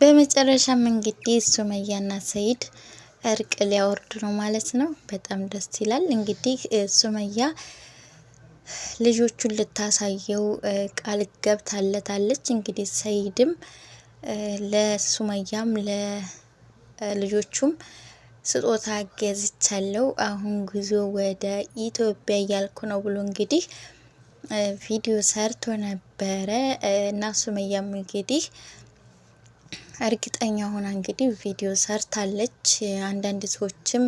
በመጨረሻም እንግዲህ ሱመያና ሰይድ እርቅ ሊያወርድ ነው ማለት ነው። በጣም ደስ ይላል። እንግዲህ ሱመያ ልጆቹን ልታሳየው ቃል ገብታለታለች። እንግዲህ ሰይድም ለሱመያም ለልጆቹም ስጦታ ገዝቻለው አሁን ጉዞ ወደ ኢትዮጵያ እያልኩ ነው ብሎ እንግዲህ ቪዲዮ ሰርቶ ነበረ እና ሱመያም እንግዲህ እርግጠኛ ሆና እንግዲህ ቪዲዮ ሰርታለች። አንዳንድ ሰዎችም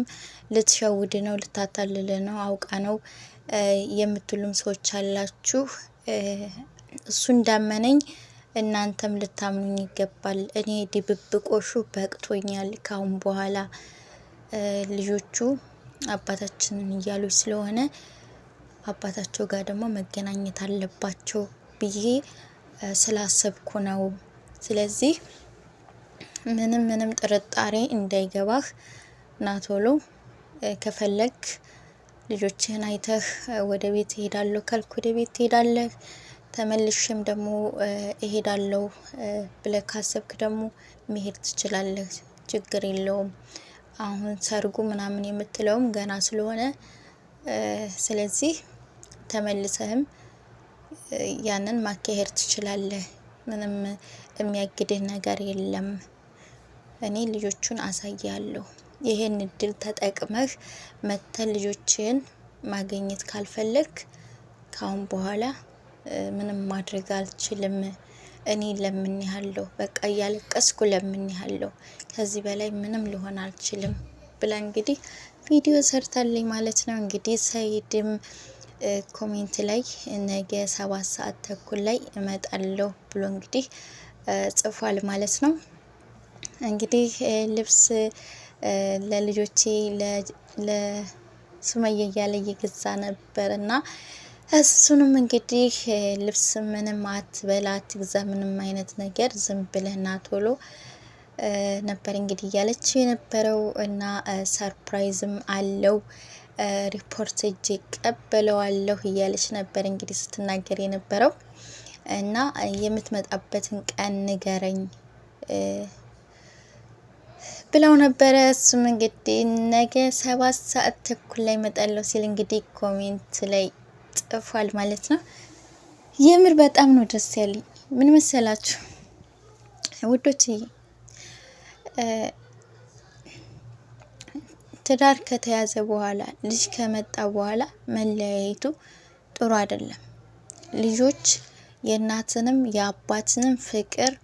ልትሸውድ ነው፣ ልታታልል ነው፣ አውቃ ነው የምትሉም ሰዎች አላችሁ። እሱ እንዳመነኝ እናንተም ልታምኑኝ ይገባል። እኔ ድብብቆሹ በቅቶኛል። ካሁን በኋላ ልጆቹ አባታችንን እያሉ ስለሆነ አባታቸው ጋር ደግሞ መገናኘት አለባቸው ብዬ ስላሰብኩ ነው። ስለዚህ ምንም ምንም ጥርጣሬ እንዳይገባህ ና ቶሎ ከፈለግ ልጆችህን አይተህ ወደ ቤት እሄዳለሁ ካልክ ወደ ቤት ትሄዳለህ። ተመልሽም ደግሞ እሄዳለሁ ብለህ ካሰብክ ደግሞ መሄድ ትችላለህ። ችግር የለውም። አሁን ሰርጉ ምናምን የምትለውም ገና ስለሆነ ስለዚህ ተመልሰህም ያንን ማካሄድ ትችላለህ። ምንም የሚያግድህ ነገር የለም። እኔ ልጆቹን አሳያለሁ። ይህን እድል ተጠቅመህ መተ ልጆችን ማግኘት ካልፈለግ ካሁን በኋላ ምንም ማድረግ አልችልም። እኔ ለምን ያለሁ በቃ እያለቀስኩ ለምን ያለሁ ከዚህ በላይ ምንም ልሆን አልችልም ብላ እንግዲህ ቪዲዮ ሰርታለኝ ማለት ነው። እንግዲህ ሰይድም ኮሜንት ላይ ነገ ሰባት ሰዓት ተኩል ላይ እመጣለሁ ብሎ እንግዲህ ጽፏል ማለት ነው። እንግዲህ ልብስ ለልጆቼ ለሱመያ እያለ እየገዛ ነበር እና እሱንም እንግዲህ ልብስ ምንም አትበላ አትግዛ፣ ምንም አይነት ነገር ዝም ብለህና ቶሎ ነበር እንግዲህ እያለች የነበረው እና ሰርፕራይዝም አለው ሪፖርት እጅ ቀበለዋለሁ እያለች ነበር እንግዲህ ስትናገር የነበረው እና የምትመጣበትን ቀን ንገረኝ ብለው ነበረ። እሱም እንግዲህ ነገ ሰባት ሰዓት ተኩል ላይ መጣለው ሲል እንግዲህ ኮሜንት ላይ ጽፏል ማለት ነው። የምር በጣም ነው ደስ ያለኝ። ምን መሰላችሁ ውዶች፣ ትዳር ከተያዘ በኋላ ልጅ ከመጣ በኋላ መለያየቱ ጥሩ አይደለም። ልጆች የእናትንም የአባትንም ፍቅር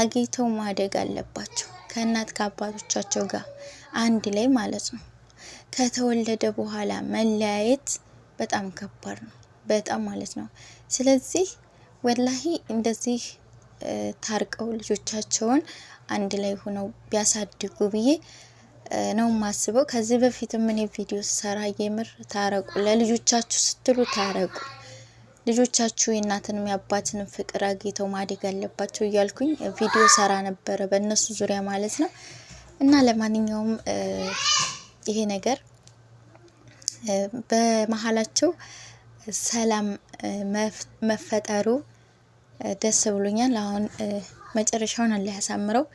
አግኝተው ማደግ አለባቸው። ከእናት ከአባቶቻቸው ጋር አንድ ላይ ማለት ነው። ከተወለደ በኋላ መለያየት በጣም ከባድ ነው፣ በጣም ማለት ነው። ስለዚህ ወላሂ እንደዚህ ታርቀው ልጆቻቸውን አንድ ላይ ሆነው ቢያሳድጉ ብዬ ነው ማስበው። ከዚህ በፊት ምን ቪዲዮ ሰራ የምር ታረቁ፣ ለልጆቻችሁ ስትሉ ታረቁ። ልጆቻችሁ የእናትንም የአባትንም ፍቅር አግኝተው ማደግ አለባቸው እያልኩኝ ቪዲዮ ሰራ ነበረ በእነሱ ዙሪያ ማለት ነው። እና ለማንኛውም ይሄ ነገር በመሀላቸው ሰላም መፈጠሩ ደስ ብሎኛል። አሁን መጨረሻውን አለ ያሳምረው።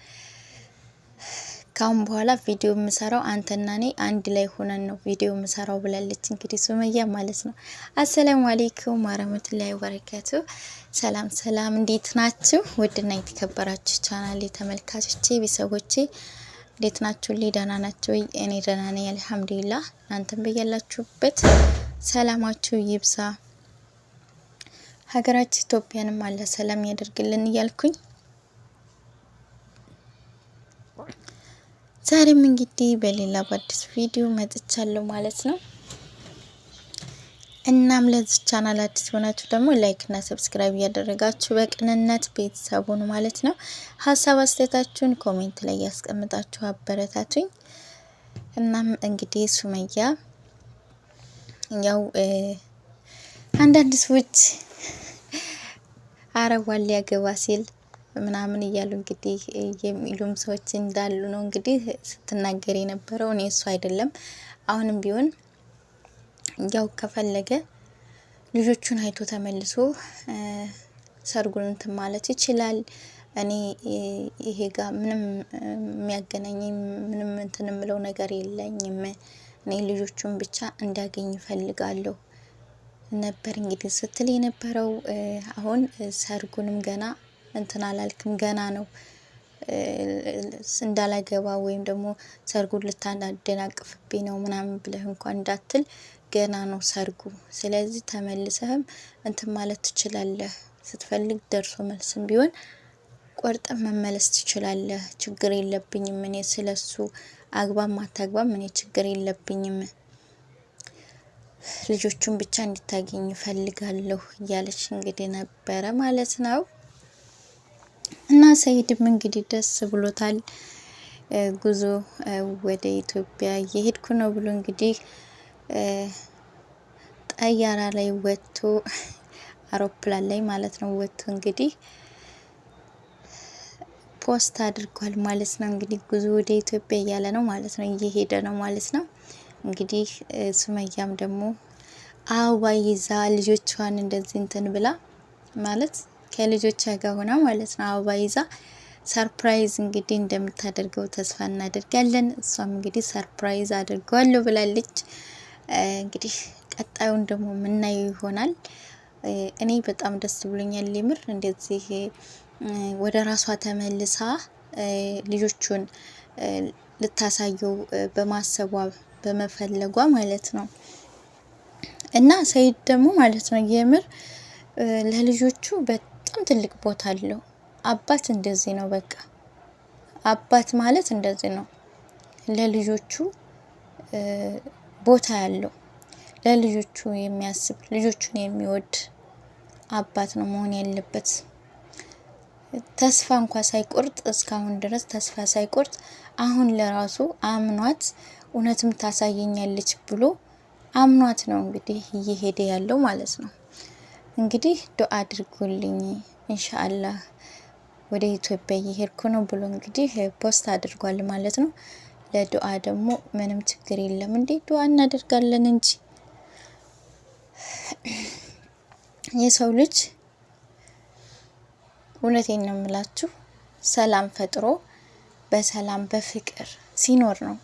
ካሁን በኋላ ቪዲዮ የምሰራው አንተና እኔ አንድ ላይ ሆነን ነው ቪዲዮ የምሰራው ብላለች። እንግዲህ ሱመያ ማለት ነው። አሰላሙ አሌይኩም ወረህመቱላሂ ወበረካቱ። ሰላም ሰላም፣ እንዴት ናችሁ? ውድና የተከበራችሁ ቻናል ተመልካቾቼ፣ ቤተሰቦቼ እንዴት ናችሁ? ልይ ደህና ናቸው። እኔ ደህና ነኝ አልሐምዱሊላህ። እናንተም በያላችሁበት ሰላማችሁ ይብዛ። ሀገራችን ኢትዮጵያንም አለ ሰላም ያደርግልን እያልኩኝ ዛሬም እንግዲህ በሌላ በአዲስ ቪዲዮ መጥቻለሁ ማለት ነው። እናም ለዚህ ቻናል አዲስ ሆናችሁ ደግሞ ላይክ እና ሰብስክራይብ እያደረጋችሁ በቅንነት ቤተሰቡን ማለት ነው ሀሳብ አስተያየታችሁን ኮሜንት ላይ ያስቀምጣችሁ አበረታቱኝ። እናም እንግዲህ ሱመያ ያው አንዳንድ ሰዎች አረቧን ሊያገባ ሲል ምናምን እያሉ እንግዲህ የሚሉም ሰዎች እንዳሉ ነው እንግዲህ ስትናገር የነበረው። እኔ እሱ አይደለም። አሁንም ቢሆን ያው ከፈለገ ልጆቹን አይቶ ተመልሶ ሰርጉን እንትን ማለት ይችላል። እኔ ይሄ ጋር ምንም የሚያገናኝ ምንም እንትን የምለው ነገር የለኝም። እኔ ልጆቹን ብቻ እንዳገኝ ይፈልጋለሁ ነበር እንግዲህ ስትል የነበረው። አሁን ሰርጉንም ገና እንትን አላልክም ገና ነው እንዳላገባ ወይም ደግሞ ሰርጉን ልታደናቅፍብኝ ነው ምናምን ብለህ እንኳን እንዳትል፣ ገና ነው ሰርጉ። ስለዚህ ተመልሰህም እንትን ማለት ትችላለህ። ስትፈልግ ደርሶ መልስም ቢሆን ቆርጠን መመለስ ትችላለህ። ችግር የለብኝም እኔ ስለሱ አግባም አታግባም እኔ ችግር የለብኝም። ልጆቹን ብቻ እንድታገኝ እፈልጋለሁ እያለች እንግዲህ ነበረ ማለት ነው። እና ሰይድም እንግዲህ ደስ ብሎታል። ጉዞ ወደ ኢትዮጵያ እየሄድኩ ነው ብሎ እንግዲህ ጠያራ ላይ ወጥቶ አውሮፕላን ላይ ማለት ነው ወጥቶ እንግዲህ ፖስት አድርጓል ማለት ነው። እንግዲህ ጉዞ ወደ ኢትዮጵያ እያለ ነው ማለት ነው፣ እየሄደ ነው ማለት ነው። እንግዲህ ሱመያም ደግሞ አበባ ይዛ ልጆቿን እንደዚህ እንትን ብላ ማለት ከልጆች ጋር ሆና ማለት ነው አበባ ይዛ ሰርፕራይዝ እንግዲህ እንደምታደርገው ተስፋ እናደርጋለን። እሷም እንግዲህ ሰርፕራይዝ አድርገዋለሁ ብላለች። እንግዲህ ቀጣዩን ደግሞ የምናየው ይሆናል። እኔ በጣም ደስ ብሎኛል። ሊምር እንደዚህ ወደ ራሷ ተመልሳ ልጆቹን ልታሳየው በማሰቧ በመፈለጓ ማለት ነው እና ሰይድ ደግሞ ማለት ነው የምር ለልጆቹ በጣም ትልቅ ቦታ አለው። አባት እንደዚህ ነው። በቃ አባት ማለት እንደዚህ ነው። ለልጆቹ ቦታ ያለው ለልጆቹ የሚያስብ ልጆቹን የሚወድ አባት ነው መሆን ያለበት። ተስፋ እንኳ ሳይቆርጥ እስካሁን ድረስ ተስፋ ሳይቆርጥ አሁን ለራሱ አምኗት እውነትም ታሳየኛለች ብሎ አምኗት ነው እንግዲህ እየሄደ ያለው ማለት ነው። እንግዲህ ዱአ አድርጉልኝ ኢንሻአላህ ወደ ኢትዮጵያ እየሄድኩ ነው ብሎ እንግዲህ ፖስት አድርጓል ማለት ነው። ለዱአ ደግሞ ምንም ችግር የለም እንዴ ዱአ እናደርጋለን እንጂ የሰው ልጅ እውነቴን ነው የምላችሁ ሰላም ፈጥሮ በሰላም በፍቅር ሲኖር ነው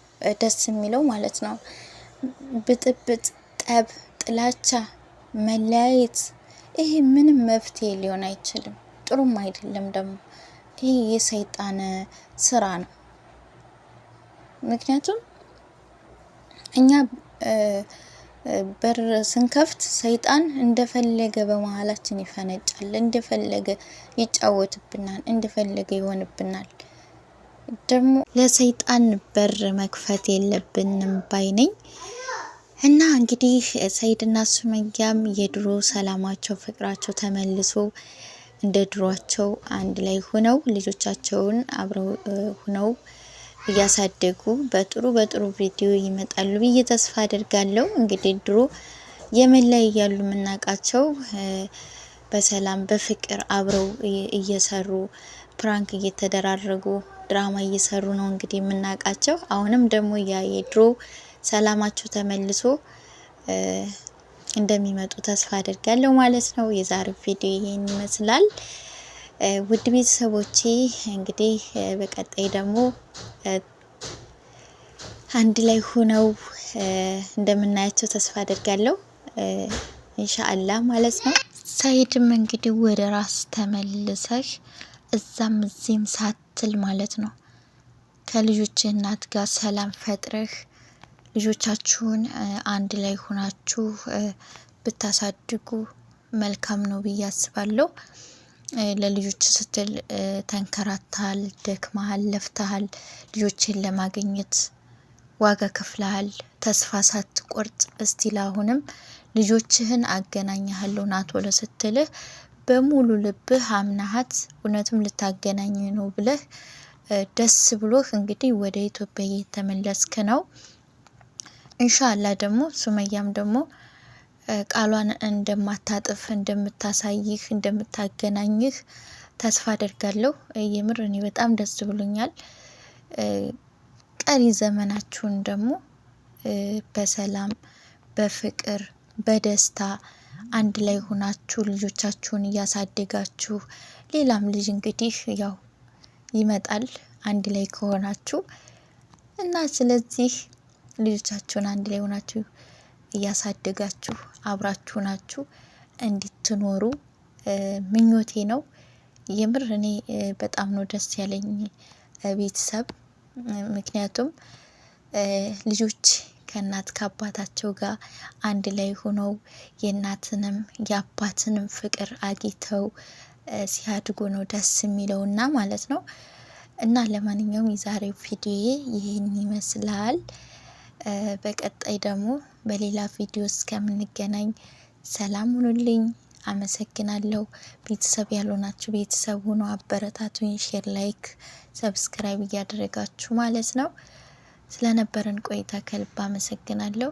ደስ የሚለው ማለት ነው። ብጥብጥ፣ ጠብ፣ ጥላቻ፣ መለያየት ይሄ ምንም መፍትሄ ሊሆን አይችልም፣ ጥሩም አይደለም። ደግሞ ይሄ የሰይጣን ስራ ነው። ምክንያቱም እኛ በር ስንከፍት ሰይጣን እንደፈለገ በመሀላችን ይፈነጫል፣ እንደፈለገ ይጫወትብናል፣ እንደፈለገ ይሆንብናል። ደግሞ ለሰይጣን በር መክፈት የለብንም ባይነኝ። እና እንግዲህ ሰይድና ሱመያም የድሮ ሰላማቸው ፍቅራቸው ተመልሶ እንደ ድሯቸው አንድ ላይ ሆነው ልጆቻቸውን አብረው ሆነው እያሳደጉ በጥሩ በጥሩ ቪዲዮ ይመጣሉ ብዬ ተስፋ አድርጋለሁ። እንግዲህ ድሮ የመን ላይ እያሉ የምናውቃቸው በሰላም በፍቅር አብረው እየሰሩ ፕራንክ እየተደራረጉ ድራማ እየሰሩ ነው እንግዲህ የምናውቃቸው። አሁንም ደግሞ ያ የድሮ ሰላማቸው ተመልሶ እንደሚመጡ ተስፋ አድርጋለሁ ማለት ነው። የዛሬው ቪዲዮ ይህን ይመስላል። ውድ ቤተሰቦቼ እንግዲህ በቀጣይ ደግሞ አንድ ላይ ሆነው እንደምናያቸው ተስፋ አድርጋለሁ ኢንሻአላ ማለት ነው። ሰይድም እንግዲህ ወደ ራስ ተመልሰህ እዛም እዚህም ሳትል ማለት ነው ከልጆች እናት ጋር ሰላም ፈጥረህ ልጆቻችሁን አንድ ላይ ሆናችሁ ብታሳድጉ መልካም ነው ብዬ አስባለሁ። ለልጆች ስትል ተንከራተሃል፣ ደክመሃል፣ ለፍተሃል፣ ልጆችን ለማግኘት ዋጋ ከፍለሃል። ተስፋ ሳትቆርጥ እስቲ ላሁንም ልጆችህን አገናኝሃለሁ ና ቶሎ ስትልህ በሙሉ ልብህ አምናሃት እውነትም ልታገናኝ ነው ብለህ ደስ ብሎህ እንግዲህ ወደ ኢትዮጵያ እየተመለስክ ነው። እንሻላ ደግሞ ሱመያም ደግሞ ቃሏን እንደማታጥፍ እንደምታሳይህ፣ እንደምታገናኝህ ተስፋ አደርጋለሁ። የምር እኔ በጣም ደስ ብሎኛል። ቀሪ ዘመናችሁን ደግሞ በሰላም በፍቅር በደስታ አንድ ላይ ሆናችሁ ልጆቻችሁን እያሳደጋችሁ ሌላም ልጅ እንግዲህ ያው ይመጣል አንድ ላይ ከሆናችሁ እና ስለዚህ ልጆቻችሁን አንድ ላይ ሆናችሁ እያሳደጋችሁ አብራችሁ ናችሁ እንድትኖሩ ምኞቴ ነው። የምር እኔ በጣም ነው ደስ ያለኝ ቤተሰብ። ምክንያቱም ልጆች ከእናት ከአባታቸው ጋር አንድ ላይ ሆነው የእናትንም የአባትንም ፍቅር አግኝተው ሲያድጉ ነው ደስ የሚለው እና ማለት ነው። እና ለማንኛውም የዛሬው ቪዲዮ ይህን ይመስላል። በቀጣይ ደግሞ በሌላ ቪዲዮ እስከምንገናኝ ሰላም ሁኑልኝ። አመሰግናለሁ። ቤተሰብ ያልሆናችሁ ቤተሰብ ሆኖ አበረታቱኝ። ሼር፣ ላይክ፣ ሰብስክራይብ እያደረጋችሁ ማለት ነው። ስለነበረን ቆይታ ከልብ አመሰግናለሁ።